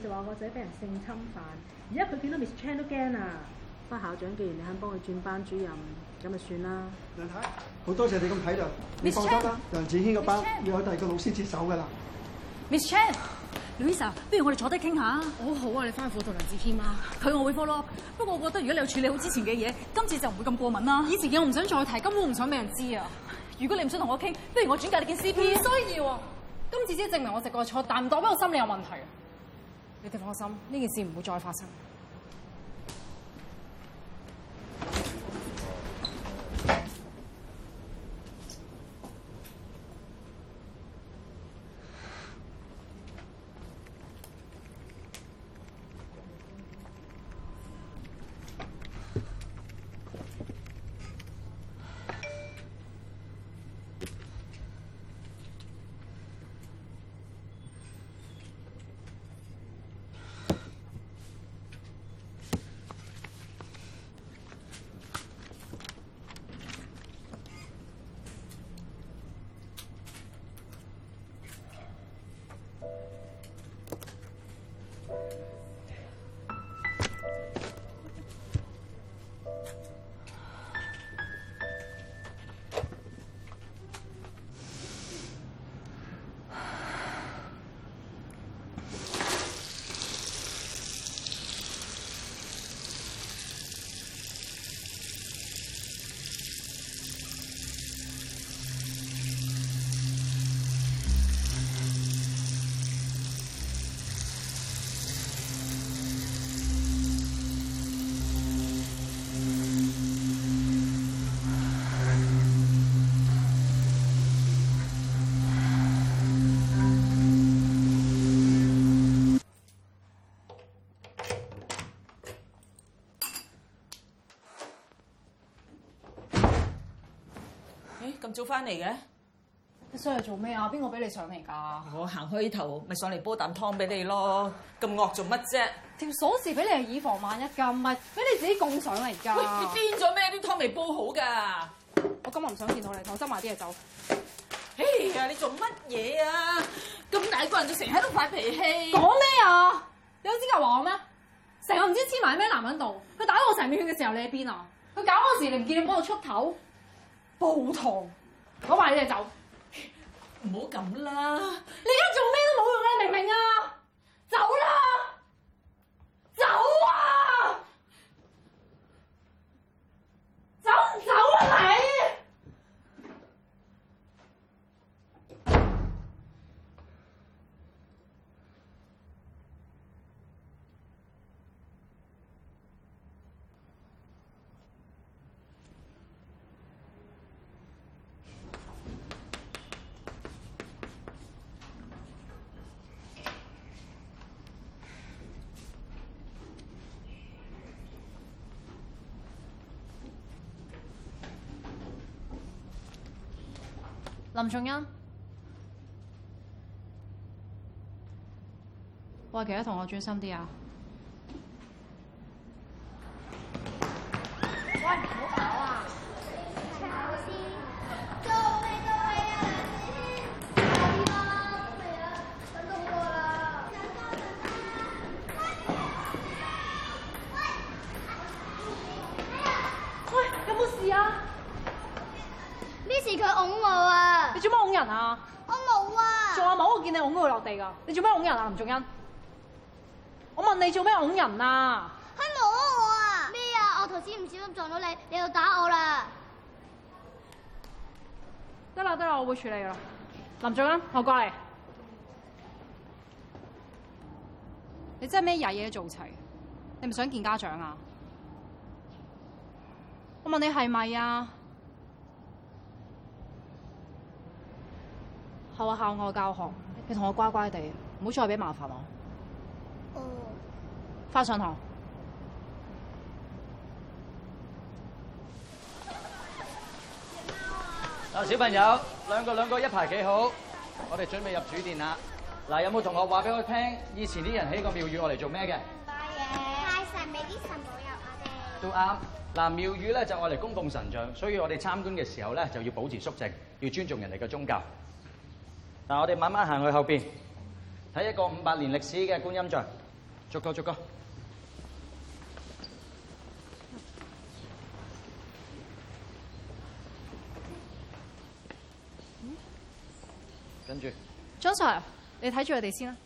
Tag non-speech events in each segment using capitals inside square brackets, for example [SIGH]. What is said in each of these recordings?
就話個仔俾人性侵犯，而家佢見到 Miss Chan 都驚啊！但校長，既然你肯幫佢轉班主任，咁咪算啦。梁太，好多謝你咁睇 Miss 體諒，Mr. 你放心啦。Chan，梁子軒個班 Chan，要由第二個老師接手㗎啦。Miss Chan，Louisa 不如我哋坐低傾下談談好好啊，你翻去輔導梁子軒啊。佢我會幫咯，不過我覺得如果你有處理好之前嘅嘢，今次就唔會咁過敏啦。以前嘅我唔想再提，根本唔想俾人知啊。 [LAUGHS] 如果你唔想同我傾，不如我轉介你件 C P。 [LAUGHS] 需要啊，今次先證明我直覺錯，但唔代表我心理有問題。你哋放心，呢件事唔會再發生。咁早翻嚟嘅？你上嚟做咩啊？邊個俾你上嚟噶？我行開頭，咪上嚟煲啖湯俾你咯。咁惡做乜啫？條鎖匙俾你係以防萬一噶，唔係俾你自己貢上嚟噶。你癲咗咩？啲湯未煲好噶。我今日唔想見到你，我執埋啲嘢走。哎、hey, 呀、啊，你做乜嘢啊？咁大個人就成日喺度發脾氣。講咩啊？你有資格話我咩？成日唔知黐埋咩男人度。佢打到我成面圈嘅時候，你喺邊啊？佢搞嗰時，你唔見你幫我出頭？暴堂，我話你哋走，唔好咁啦！你而家做咩都冇用啦，明唔明啊？走啦，走啊。林仲恩，我話其他同學專心啲啊！你做咩推人啊，林仲恩？我問你做咩推人啊？佢摸我啊！咩啊？我頭先唔小心撞到你，你又打我啦！得啦得啦，我會處理啦。林仲恩，我過嚟。你真係咩曳嘢做齊？你唔想見家長啊？我問你係咪啊？學校校外教學。你同我乖乖地，唔好再俾麻煩我。哦、嗯，翻上堂。嗱、啊，小朋友，兩個兩個一排幾好。我哋準備入主殿啦。嗱、啊，有冇同學話俾我聽，以前啲人起個廟宇我嚟做咩嘅？拜嘢，拜神俾啲神保佑我哋。都啱。嗱、啊，廟宇咧就係嚟供奉神像，所以我哋參觀嘅時候咧就要保持肅靜，要尊重人哋嘅宗教。嗱，我哋慢慢行去後邊，睇一個五百年歷史嘅觀音像，逐個逐個。跟住，張 Sir，你睇住佢哋先啦。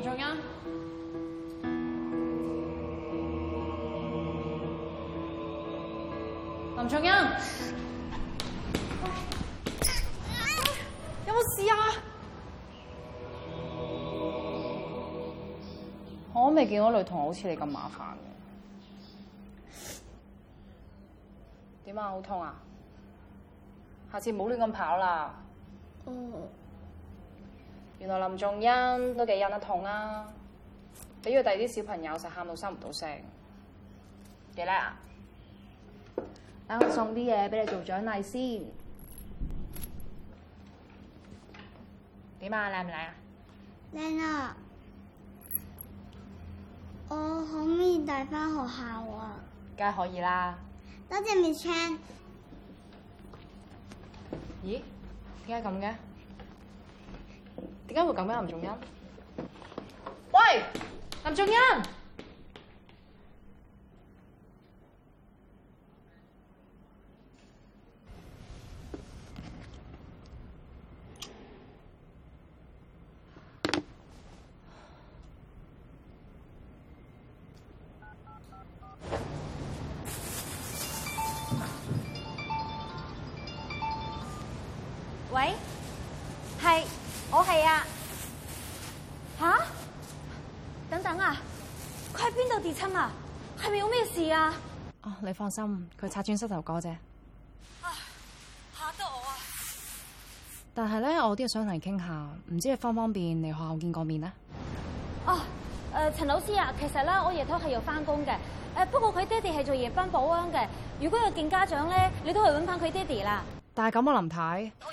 林卓恩，林卓恩，有冇事啊？我未見過女同學好似你咁麻煩嘅，點啊？好痛啊！下次唔好亂咁跑啦。嗯。原來林仲欣都幾忍得痛啊！俾佢第二啲小朋友實喊到收唔到聲，幾叻啊！等我送啲嘢俾你做獎勵先，點啊？靚唔靚啊？靚啊！我好中意帶翻學校啊！梗係可以啦！多謝 Miss Chan。咦？點解咁嘅？點解會咁樣？林仲欣，喂，林仲欣，喂，係。我係啊，吓、啊，等等啊，佢喺邊度跌親啊？係咪有咩事啊？哦，你放心，佢拆穿膝頭哥啫。吓、啊、得我啊！但係咧，我都有嘢想嚟傾下，唔知係方方便嚟學校見個面啊？哦，誒、呃，陳老師啊，其實咧，我日頭係要翻工嘅。誒，不過佢爹哋係做夜班保安嘅，如果要見家長咧，你都可以搵翻佢爹哋啦。但係咁啊，林太。我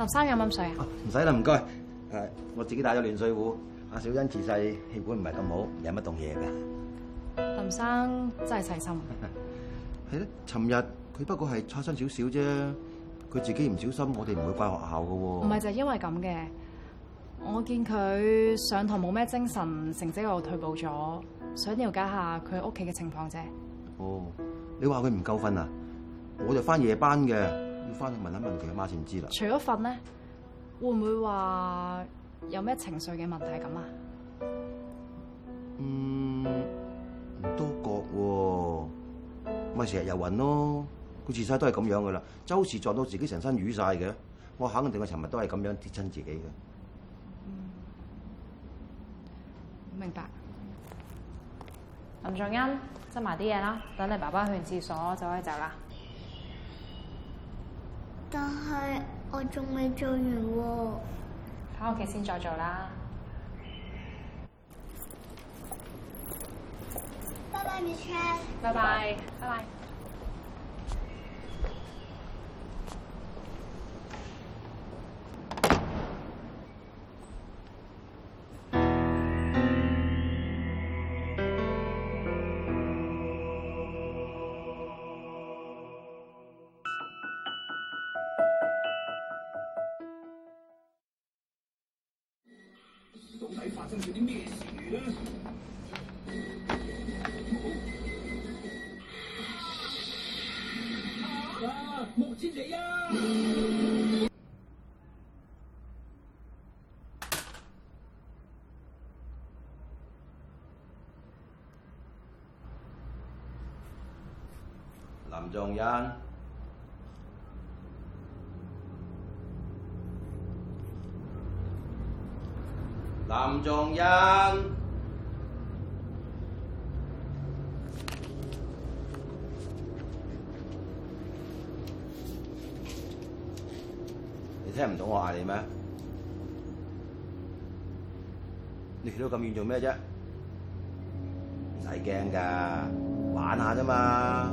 林生飲冚水啊！唔使啦，唔該。誒、啊，我自己帶咗暖水壺。阿小茵自細氣管唔係咁好，飲乜凍嘢噶。林生真係細心。係 [LAUGHS] 咧，尋日佢不過係擦傷少少啫，佢自己唔小心，我哋唔會怪學校噶。唔係就係因為咁嘅，我見佢上堂冇咩精神，成績又退步咗，想了解一下佢屋企嘅情況啫。哦，你話佢唔夠瞓啊？我就翻夜班嘅。要翻去問一問佢阿媽先知啦。除咗瞓咧，會唔會話有咩情緒嘅問題咁啊？嗯，唔多覺喎，咪成日遊魂咯。佢自細都係咁樣噶啦，周時撞到自己成身瘀晒嘅。我肯定佢尋日都係咁樣跌親自己嘅。嗯，明白。林仲恩執埋啲嘢啦，等你爸爸去完廁所就可以走啦。但係我仲未做完喎，返屋企先再做啦。拜拜，Michelle。拜拜，拜拜。鍾欣，林鍾欣，你聽唔到我話你咩？你去到咁遠做咩啫？唔使驚噶，玩下啫嘛。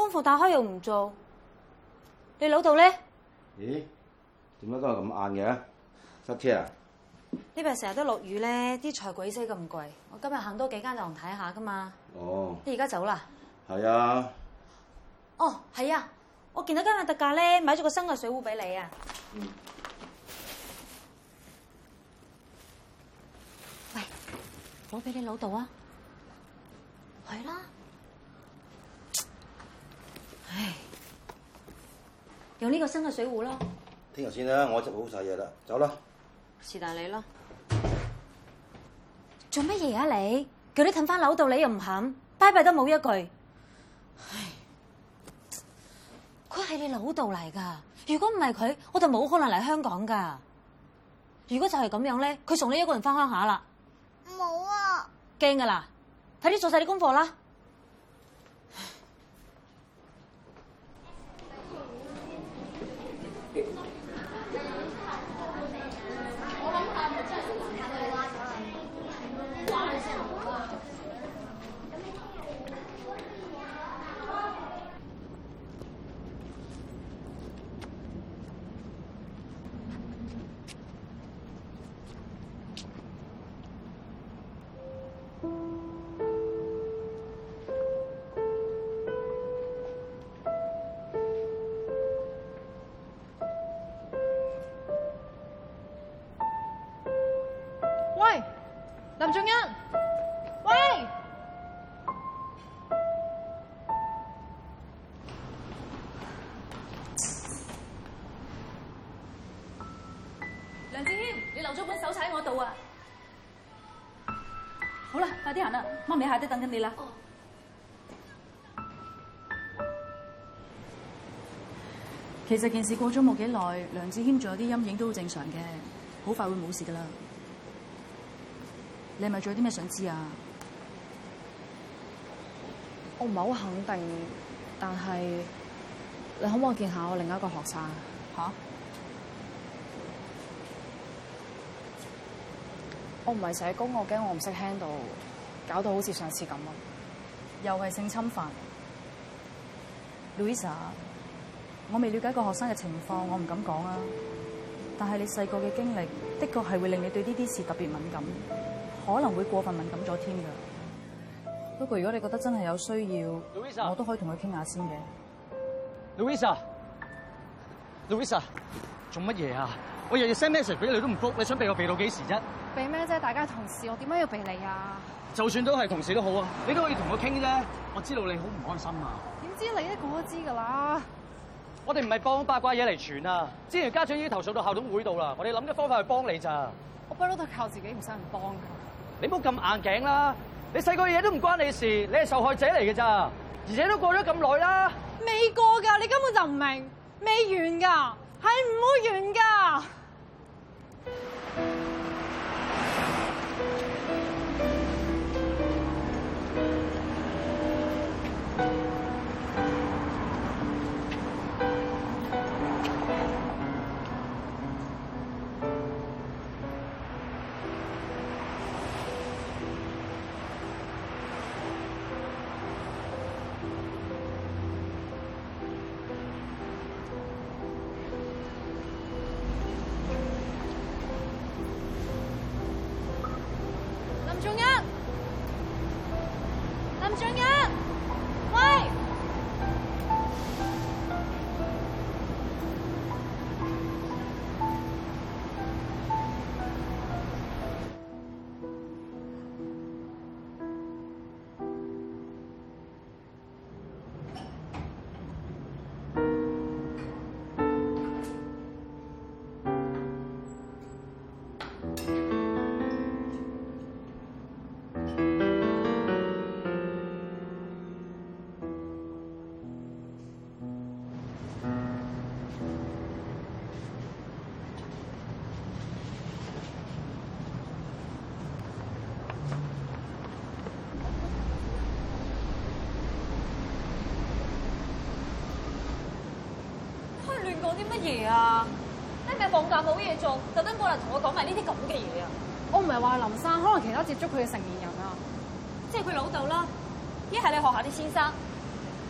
功課打開又唔做，你老豆咧？咦？點解今日咁晏嘅？塞車啊？呢排成日都落雨咧，啲菜鬼死咁貴，我今日行多幾間檔睇下噶嘛。哦。你而家走啦？係啊。哦，係啊，我見到今日特價咧，買咗個新嘅水壺俾你啊。嗯。喂，我俾你老豆啊。係啦。唉，用呢個新嘅水壺咯。聽日先啦，我執好晒嘢啦，走啦。是但你啦，做乜嘢啊你？叫你氹翻老豆，你又唔肯，拜拜都冇一句。唉，佢係你老豆嚟噶，如果唔係佢，我就冇可能嚟香港噶。如果就係咁樣咧，佢送你一個人翻鄉下啦。冇啊，驚噶啦，快啲做晒啲功課啦。仲堯，喂，梁志謙，你留咗本手冊喺我度啊！好啦，快啲行啦，媽咪喺下低等緊你啦。哦。其實件事過咗冇幾耐，梁志謙仲有啲陰影都好正常嘅，好快會冇事噶啦。你係咪仲有啲咩想知啊？我唔係好肯定，但係你可唔可以見下我另一個學生吓？我唔係社工，我驚我唔識 handle，搞到好似上次咁啊。又係性侵犯。Louisa，我未了解過學生嘅情況，我唔敢講啊。但係你細個嘅經歷的確係會令你對呢啲事特別敏感。可能會過分敏感咗添㗎。不過如果你覺得真係有需要，Louisa，我都可以同佢傾下先嘅。Louisa，Louisa，做乜嘢啊？我日日 send message 俾你都唔覆，你想避我避到幾時啫？避咩啫？大家同事，我點解要避你啊？就算都係同事都好啊，你都可以同佢傾啫。我知道你好唔開心啊。點知你一個都知㗎啦？我哋唔係幫八卦嘢嚟傳啊。之前家長已經投訴到校董會度啦。我哋諗咗方法去幫你咋。我不嬲都係靠自己，唔使人幫。你唔好咁硬頸啦！你細個嘢都唔關你事，你係受害者嚟嘅咋。而且都過咗咁耐啦，未過㗎！你根本就唔明，未完㗎，係唔會完㗎。嘢啊，你咪放假冇嘢做，特登過嚟同我講埋呢啲咁嘅嘢啊？我唔係話林生，可能其他接觸佢嘅成年人啊，即係佢老豆啦，一係你學校啲先生，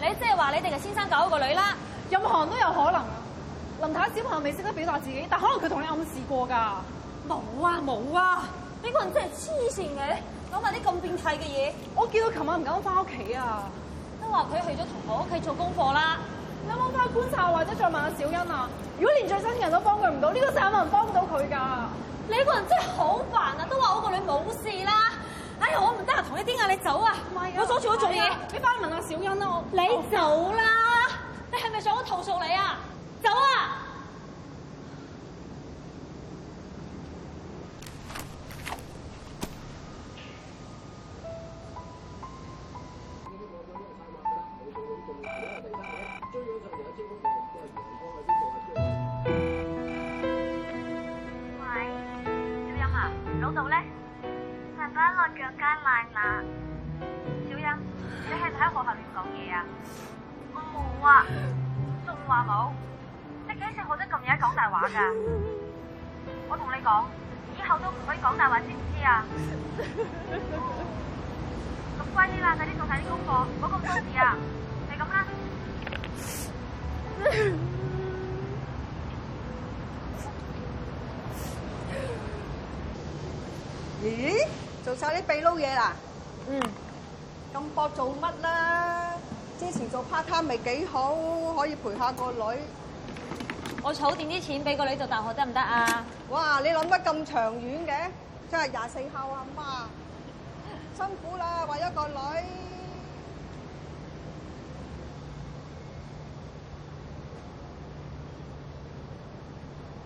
你即係話你哋嘅先生搞一個女啦，任何人都有可能。林太，小朋友未識得表達自己，但可能佢同你暗示過噶。冇啊冇啊，呢個人真係黐線嘅，講埋啲咁變態嘅嘢。我見到琴晚唔敢翻屋企啊，都話佢去咗同學屋企做功課啦。你有冇翻去觀察或者再問下小欣啊？如果連最親嘅人都幫佢唔到，呢個世界有冇人幫到佢噶。你個人真係好煩啊！都話我個女冇事啦。哎呀，我唔得閒同你癲啊！你走啊！係、oh，我鎖住咗做嘢，yeah. 你翻去問下小欣啦我。你走啦！Oh、你係咪想我投訴你啊？唔好咁多事啊！係咁啦。咦、欸？做晒啲秘撈嘢啦？嗯。咁搏做乜啦？之前做 part time 咪幾好，可以陪下個女。我儲掂啲錢俾個女做大學得唔得啊？哇！你諗得咁長遠嘅，真係廿四孝啊媽！辛苦啦，為咗個女。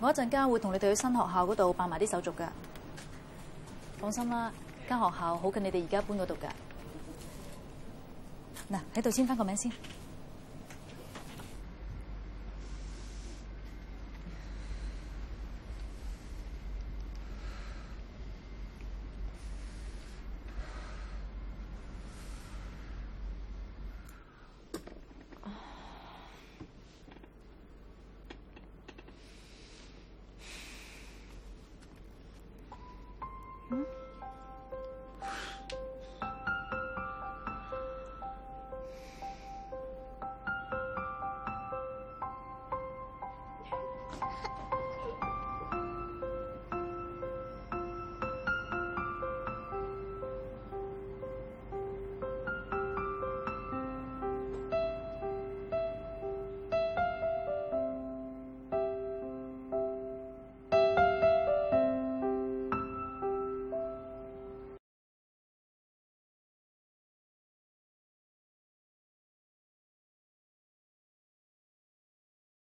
我一陣間會同你哋去新學校嗰度辦埋啲手續㗎。放心啦，間學校好近你哋而家搬嗰度㗎。嗱，喺度簽返個名先。嗯。